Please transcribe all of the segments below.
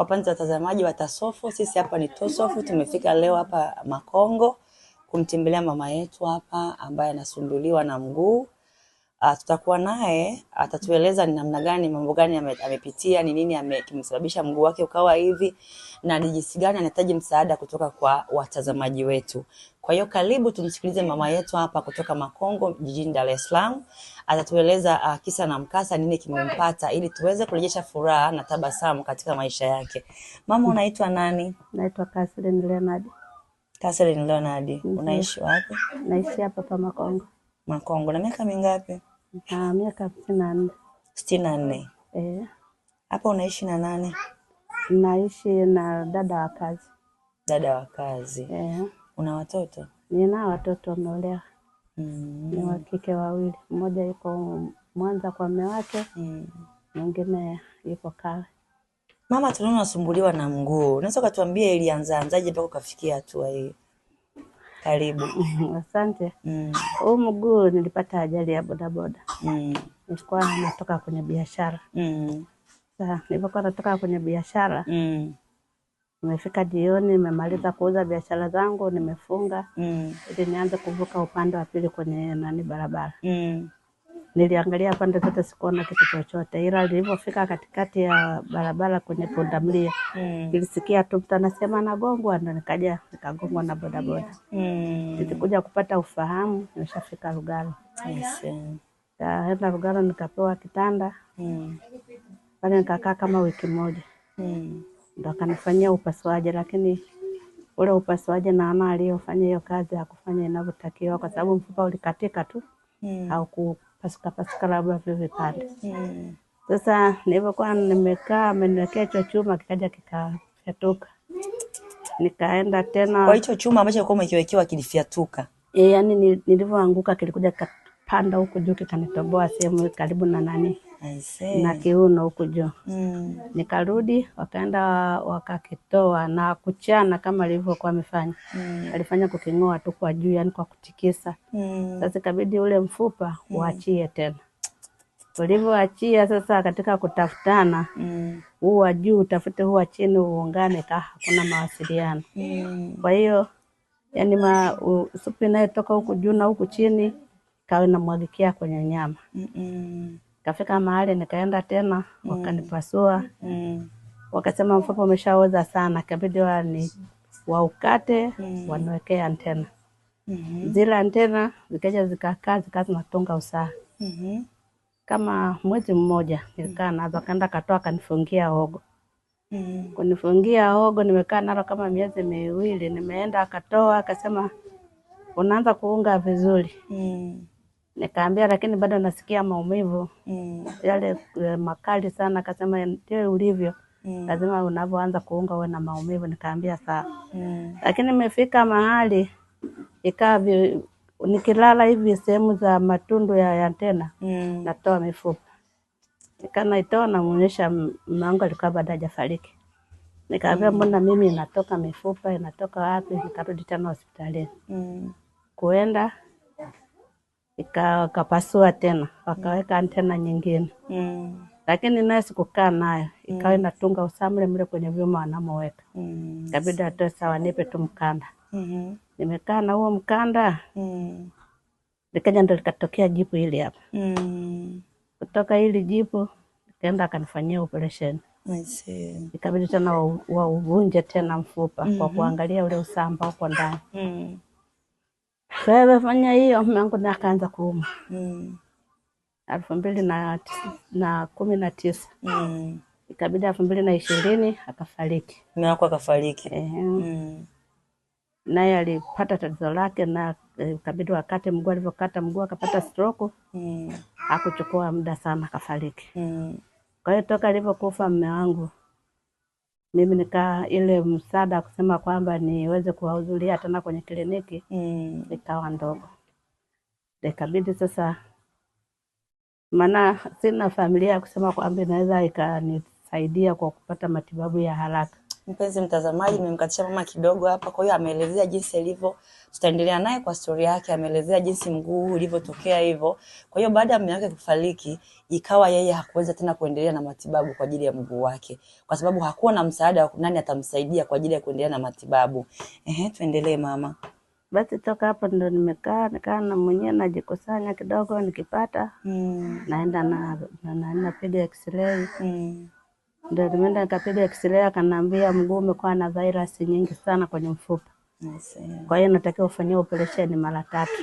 Wapenzi watazamaji wa Tasofu, sisi hapa ni Tosofu. Tumefika leo hapa Makongo kumtembelea mama yetu hapa ambaye anasumbuliwa na mguu Uh, tutakuwa naye atatueleza ni namna gani, mambo gani amepitia, ni nini kimsababisha mguu wake ukawa hivi na ni jinsi gani anahitaji msaada kutoka kwa watazamaji wetu. Kwa hiyo karibu tumsikilize mama yetu hapa kutoka Makongo jijini Dar es Salaam, atatueleza uh, kisa na mkasa, nini kimempata, ili tuweze kurejesha furaha na tabasamu katika maisha yake. Mama, unaitwa nani? Naitwa Catherine Leonard. Catherine Leonard, unaishi wapi? Naishi hapa pa Makongo. Makongo. na miaka mingapi? miaka hamsini na nne. sitini na nne eh. hapa Unaishi na nani? Naishi na dada wa kazi. Dada wa kazi Eh. Una watoto? Nina watoto wameolewa. Mm. Ni wa kike wawili, mmoja yuko Mwanza kwa mume wake mm. mwingine yuko Kawe. Mama, tunaona unasumbuliwa na mguu, unaweza ukatuambia ilianzaanzaje mpaka ukafikia hatua hii? Karibu. Asante. Mm. Huu mguu nilipata ajali ya bodaboda. Mm. Nilikuwa natoka kwenye biashara. Mm. Sasa nilipokuwa natoka kwenye biashara. Mm. Nimefika jioni, nimemaliza kuuza biashara zangu, nimefunga. Mm. Ili nianze kuvuka upande wa pili kwenye nani barabara. Mm. Niliangalia pande zote sikuona kitu chochote, ila nilipofika katikati ya barabara kwenye pundamlia mm. nilisikia tu mtu anasema nagongwa, ndo nikaja nikagongwa na bodaboda mm. nilikuja kupata ufahamu, nimeshafika Lugalo. Yes. Kaenda Lugalo nikapewa kitanda mm. pale nikakaa kama wiki moja mm. ndo akanifanyia upasuaji, lakini ule upasuaji naona aliyofanya hiyo kazi hakufanya inavyotakiwa, kwa sababu mfupa ulikatika tu mm. au pasuka pasuka labda vipande. Mm. Sasa nilivyokuwa nimekaa, ameniwekea hicho chuma kikaja kikafyatuka, nikaenda tena kwa hicho chuma ambacho ulikuwa umekiwekewa kilifyatuka. E, yani nilivyoanguka kilikuja nikapanda huku juu, kikanitoboa sehemu karibu na nani na kiuno huku juu mm. Nikarudi, wakaenda wakakitoa na kuchana kama alivyokuwa amefanya mm. Alifanya kuking'oa tu kwa juu, yani kwa kutikisa mm. Sasa ikabidi ule mfupa mm. uachie tena ulivyoachia sasa, katika kutafutana mm. huu wa juu utafute huu wa chini uungane, ka hakuna mawasiliano mm. Kwa hiyo yani ma, supu inayotoka huku juu na huku chini kawa inamwagikia kwenye nyama mm -mm. Kafika mahali nikaenda tena mm. Wakanipasua mm. Wakasema mfupa umeshaoza sana, kabidi wani waukate mm. Waniwekee antena mm -hmm. Zile antena zikaja zikakaa zikaa zinatunga usaha mm -hmm. Kama mwezi mmoja nilikaa nazo, akaenda katoa akanifungia ogo mm -hmm. Kunifungia ogo nimekaa nalo kama miezi miwili, nimeenda akatoa akasema unaanza kuunga vizuri mm. Nikaambia lakini bado nasikia maumivu mm. yale eh, makali sana. Akasema ndio ulivyo mm. lazima unavyoanza kuunga uwe na maumivu. Nikaambia sawa mm. lakini imefika mahali ikawa nikilala hivi sehemu za matundu ya, antena mm. natoa mifupa kanaitoa, namuonyesha mmangu, alikuwa bado hajafariki. Nikaambia mm. mbona mm. mimi inatoka mifupa inatoka wapi? Nikarudi tena hospitalini mm. kuenda wakapasua tena wakaweka antena nyingine mm. Lakini naye sikukaa nayo ikawa mm. inatunga usamle mle kwenye vyuma wanamoweka mm. Kabidi atoe sawa, nipe tu mkanda mm -hmm. Nimekaa na huo mkanda mm. ndo likatokea jipu hili hapa mm. Kutoka hili jipu nikaenda akanifanyia operation ikabidi tena wauvunje tena mfupa mm -hmm. Kwa mm-hmm. kuangalia ule usaa ambao uko ndani mm. Kwa hiyo fanya hiyo, mume wangu naye akaanza kuuma mm. elfu mbili na, na kumi na tisa mm. ikabidi elfu mbili na ishirini akafariki. Mume wako akafariki? Eh, mm. naye alipata tatizo lake na e, ikabidi wakati mguu, alivyokata mguu akapata stroke mm. akuchukua muda sana akafariki mm. kwa hiyo toka alivyokufa mume wangu mimi nika ile msaada kusema kwamba niweze kuwahudhuria tena kwenye kliniki mm. ikawa ndogo, ikabidi sasa, maana sina familia ya kusema kwamba inaweza ikanisaidia kwa kupata matibabu ya haraka mpenzi mtazamaji, nimemkatisha mama kidogo hapa, kwa hiyo ameelezea jinsi ilivyo. Tutaendelea naye kwa stori yake, ameelezea jinsi mguu ulivyotokea hivyo. Kwa hiyo baada ya mume wake kufariki, ikawa yeye hakuweza tena kuendelea na matibabu kwa ajili ya mguu wake, kwa sababu hakuwa na msaada wa nani atamsaidia kwa ajili ya kuendelea na matibabu. Ehe, tuendelee mama. Basi toka hapo ndo nimekaa nikaa na mwenyewe najikusanya kidogo, nikipata mm. naenda na na, na, na, na, na, na, na, x-ray mm. Ndio nimeenda nikapiga x-ray akaniambia mguu umekuwa na virus nyingi sana kwenye mfupa. Kwa hiyo natakiwa ufanyie operation mara tatu.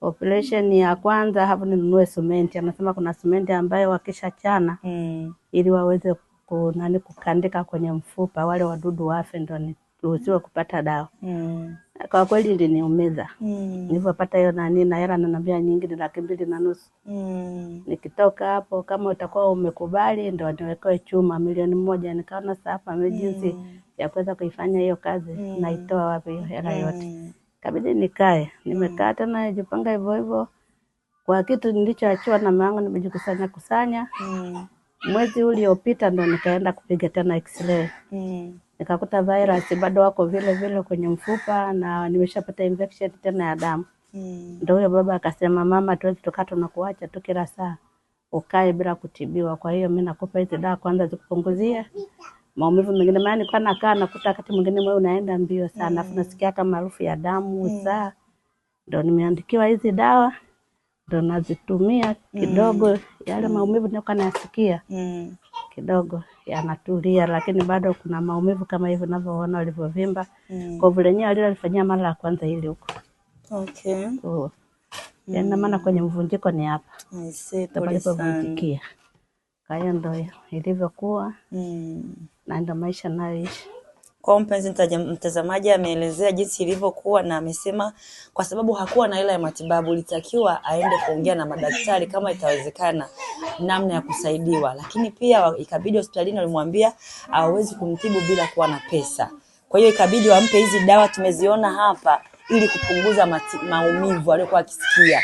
Operation ya kwanza hapo ninunue sumenti Anasema kuna sumenti ambayo wakishachana mm. ili waweze kunani kukandika kwenye mfupa wale wadudu wafe, ndio ruhusiwa kupata dawa mm. Kwa kweli ndiniumiza mm. Nilivyopata hiyo nani na hela nanambia nyingi ni laki mbili na nusu mm. Nikitoka hapo kama utakuwa umekubali ndo niwekewe chuma milioni moja. Nikaona sasa hapa mm. jinsi ya kuweza kuifanya hiyo kazi mm. naitoa wapi hiyo hela mm. yote, kabidi nikae. Nimekaa mm. tena jipanga hivyo hivyo kwa kitu nilichoachiwa na mamangu, nimejikusanya kusanya. Mm. Mwezi uliopita ndo nikaenda kupiga tena x-ray mm nikakuta virus bado wako vile vile kwenye mfupa na nimeshapata infection tena ya damu mm. Ndio huyo baba akasema, mama, tuwezi tukaa tunakuacha tu kila saa ukae bila kutibiwa. Kwa hiyo mimi nakupa hizi dawa kwanza zikupunguzie maumivu mengine, maana nilikuwa nakaa nakuta wakati mwingine moyo unaenda mbio sana, afu mm. nasikia kama harufu ya damu mm. saa ndo nimeandikiwa hizi dawa ndo nazitumia kidogo mm. yale maumivu nilikuwa nayasikia mm. kidogo yanatulia, lakini bado kuna maumivu kama hivyo unavyoona walivyovimba mm. Kwa vile yenyewe alilofanyia mara ya kwanza ile huko okay. So, mm. maana kwenye mm. mvunjiko ni hapa palipovunjikia, kwa hiyo ndo ilivyokuwa mm. na ndo maisha nayoishi kwa mpenzi mtazamaji ameelezea jinsi ilivyokuwa na amesema kwa sababu hakuwa na hela ya matibabu, ilitakiwa aende kuongea na madaktari kama itawezekana namna ya kusaidiwa, lakini pia ikabidi hospitalini walimwambia hawezi kumtibu bila kuwa na pesa. Kwa hiyo ikabidi wampe hizi dawa tumeziona hapa ili kupunguza maumivu aliyokuwa akisikia.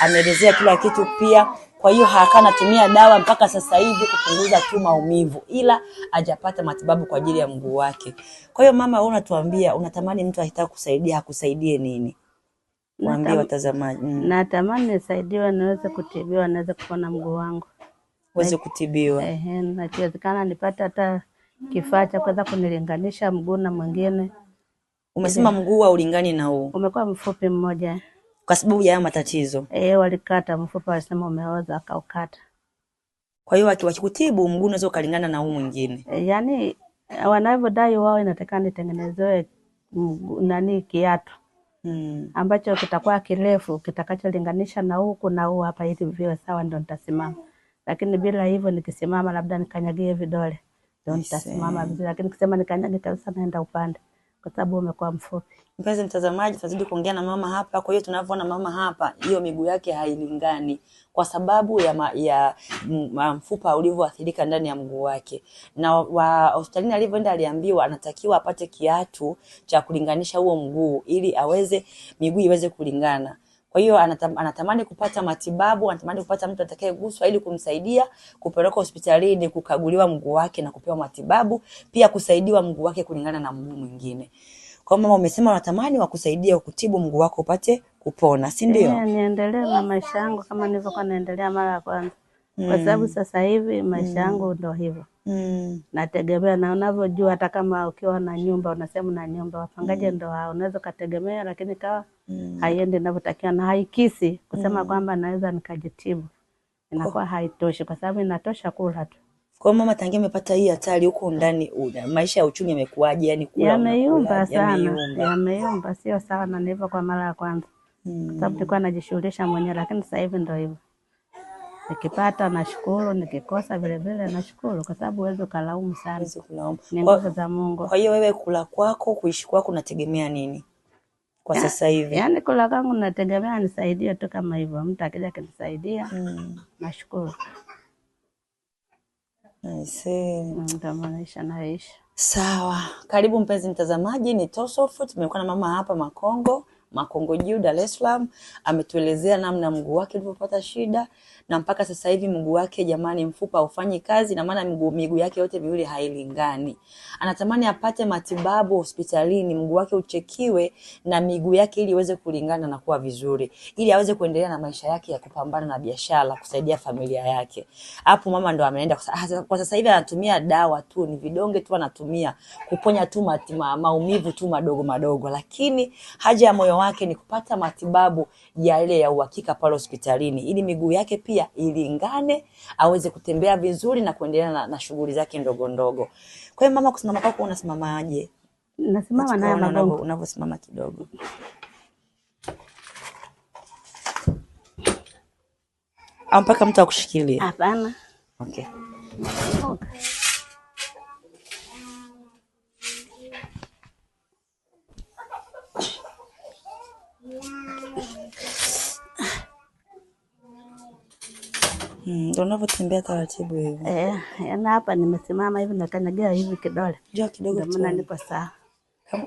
Ameelezea kila kitu pia kwa hiyo akawa anatumia dawa mpaka sasa hivi kupunguza tu maumivu, ila hajapata matibabu kwa ajili ya mguu wake. Kwa hiyo mama, wewe unatuambia unatamani mtu akitaka kusaidia akusaidie nini? Waambie watazamaji. Mm. Natamani nisaidiwe, niweze kutibiwa, niweze kupona mguu wangu, uweze kutibiwa. Ehe, nakiwezekana nipate hata kifaa cha kuweza kunilinganisha mguu na mwingine. Umesema mguu haulingani na huu, umekuwa mfupi mmoja kwa sababu ya matatizo eh, walikata mfupa, walisema umeoza, akaukata. Kwa hiyo akiwakikutibu mguu unaweza ukalingana na huu mwingine e, yani wanavyodai wao, inatakana nitengenezewe nani kiatu Hmm. ambacho kitakuwa kirefu kitakacholinganisha na huku na huu hapa, ili viwe sawa, ndo nitasimama. Lakini bila hivyo, nikisimama labda nikanyagie vidole, ndo nitasimama vizuri, lakini nikisema nikanyage kabisa, naenda upande kwa sababu umekuwa mfupi. Mpenzi mtazamaji, tunazidi kuongea na mama hapa. Kwa hiyo tunavyoona mama hapa, hiyo miguu yake hailingani kwa sababu ya, ma, ya mfupa ulivyoathirika ndani ya mguu wake, na wa hospitalini alivyoenda aliambiwa anatakiwa apate kiatu cha kulinganisha huo mguu ili aweze miguu iweze kulingana kwa hiyo anatam, anatamani kupata matibabu, anatamani kupata mtu atakayeguswa ili kumsaidia kupeleka hospitalini kukaguliwa mguu wake na kupewa matibabu, pia kusaidiwa mguu wake kulingana na mguu mwingine. Kwa mama, umesema unatamani wakusaidia kutibu mguu wako upate kupona, si ndio? Yeah, niendelee na maisha yangu kama nilivyokuwa naendelea mara ya kwanza mm. kwa sababu sasa hivi maisha mm. yangu mm. ndo hivyo mm. nategemea na unavyojua, hata kama ukiwa na nyumba unasema na nyumba wapangaji mm. ndo unaweza ukategemea, lakini kawa mm. haiendi inavyotakiwa na haikisi kusema mm. kwamba naweza nikajitibu, inakuwa oh. haitoshi, kwa sababu inatosha kula tu. Kwa mama, tangia amepata hii hatari huko ndani, maisha ya uchumi yamekuaje? Yani yameyumba sana, yameyumba sio sawa na nilivyo kwa mara ya kwanza, mm. kwa sababu nilikuwa najishughulisha mwenyewe, lakini sasa hivi ndo hivyo Nikipata nashukuru, nikikosa vilevile nashukuru, kwa sababu huwezi ukalaumu sana, ni nguvu za Mungu. Kwa hiyo wewe kula kwako kuishi kwako unategemea nini kwa sasa hivi? Yani kula kwangu nategemea nisaidie tu kama hivyo, mtu akija akinisaidia mm. nashukuru maisha naisha. Sawa, karibu mpenzi mtazamaji, ni Tosofu. Tumekuwa na mama hapa Makongo Makongo juu Dar es Salaam, ametuelezea namna mguu wake ulivyopata shida na mpaka sasa hivi mguu wake jamani, mfupa haufanyi kazi, na maana miguu miguu yake yote miwili hailingani. Anatamani apate matibabu hospitalini, mguu wake uchekiwe na miguu yake ili iweze kulingana na kuwa vizuri, ili aweze kuendelea na maisha yake ya kupambana na biashara, kusaidia familia yake. Hapo mama ndo ameenda kwa ah, sasa hivi, anatumia dawa tu, ni vidonge tu anatumia kuponya tu maumivu tu madogo madogo, lakini haja ya moyo wake ni kupata matibabu yale ya uhakika pale hospitalini, ili miguu yake pia ilingane, aweze kutembea vizuri na kuendelea na, na shughuli zake ndogo ndogo. Kwa hiyo mama, kusimama kwako unasimamaje? Nasimama na mama unavyosimama kidogo mpaka mtu akushikilie? Hapana. Okay. Okay. Mm, unavyotembea taratibu hivi. Eh, na yaani hapa nimesimama hivi nakanyagia hivi kidole. Njoo kidogo tu. Maana nipo sawa.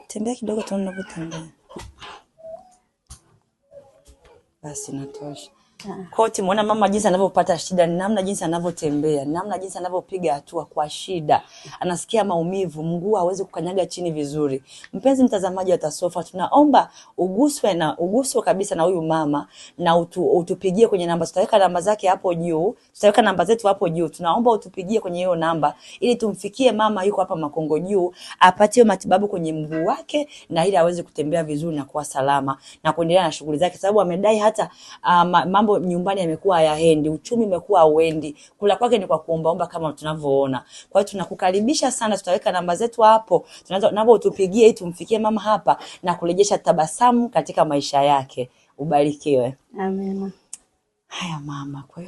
Tembea kidogo tu unavyotembea. Basi natosha kote muona mama jinsi anavyopata shida ni namna jinsi anavyotembea, ni namna jinsi anavyopiga hatua kwa shida. Anasikia maumivu, mguu hawezi kukanyaga chini vizuri. Mpenzi mtazamaji wa Tasofa, tunaomba uguswe na uguswe kabisa na huyu mama na utu, utupigie kwenye namba, tutaweka namba zake hapo juu, tutaweka namba zetu hapo juu. Tunaomba utupigie kwenye hiyo namba ili tumfikie mama, yuko hapa Makongo juu, apatiwe matibabu kwenye mguu wake na ili aweze kutembea vizuri na kuwa salama na kuendelea na shughuli zake, sababu amedai hata uh, mambo mambo nyumbani yamekuwa hayaendi, uchumi umekuwa uendi kula kwake ni kwa kuombaomba kama tunavyoona. Kwa hiyo tunakukaribisha sana, tutaweka namba zetu hapo, tunaweza navyo utupigie ili tumfikie mama hapa na kurejesha tabasamu katika maisha yake. Ubarikiwe. Amina. Haya mama, kwa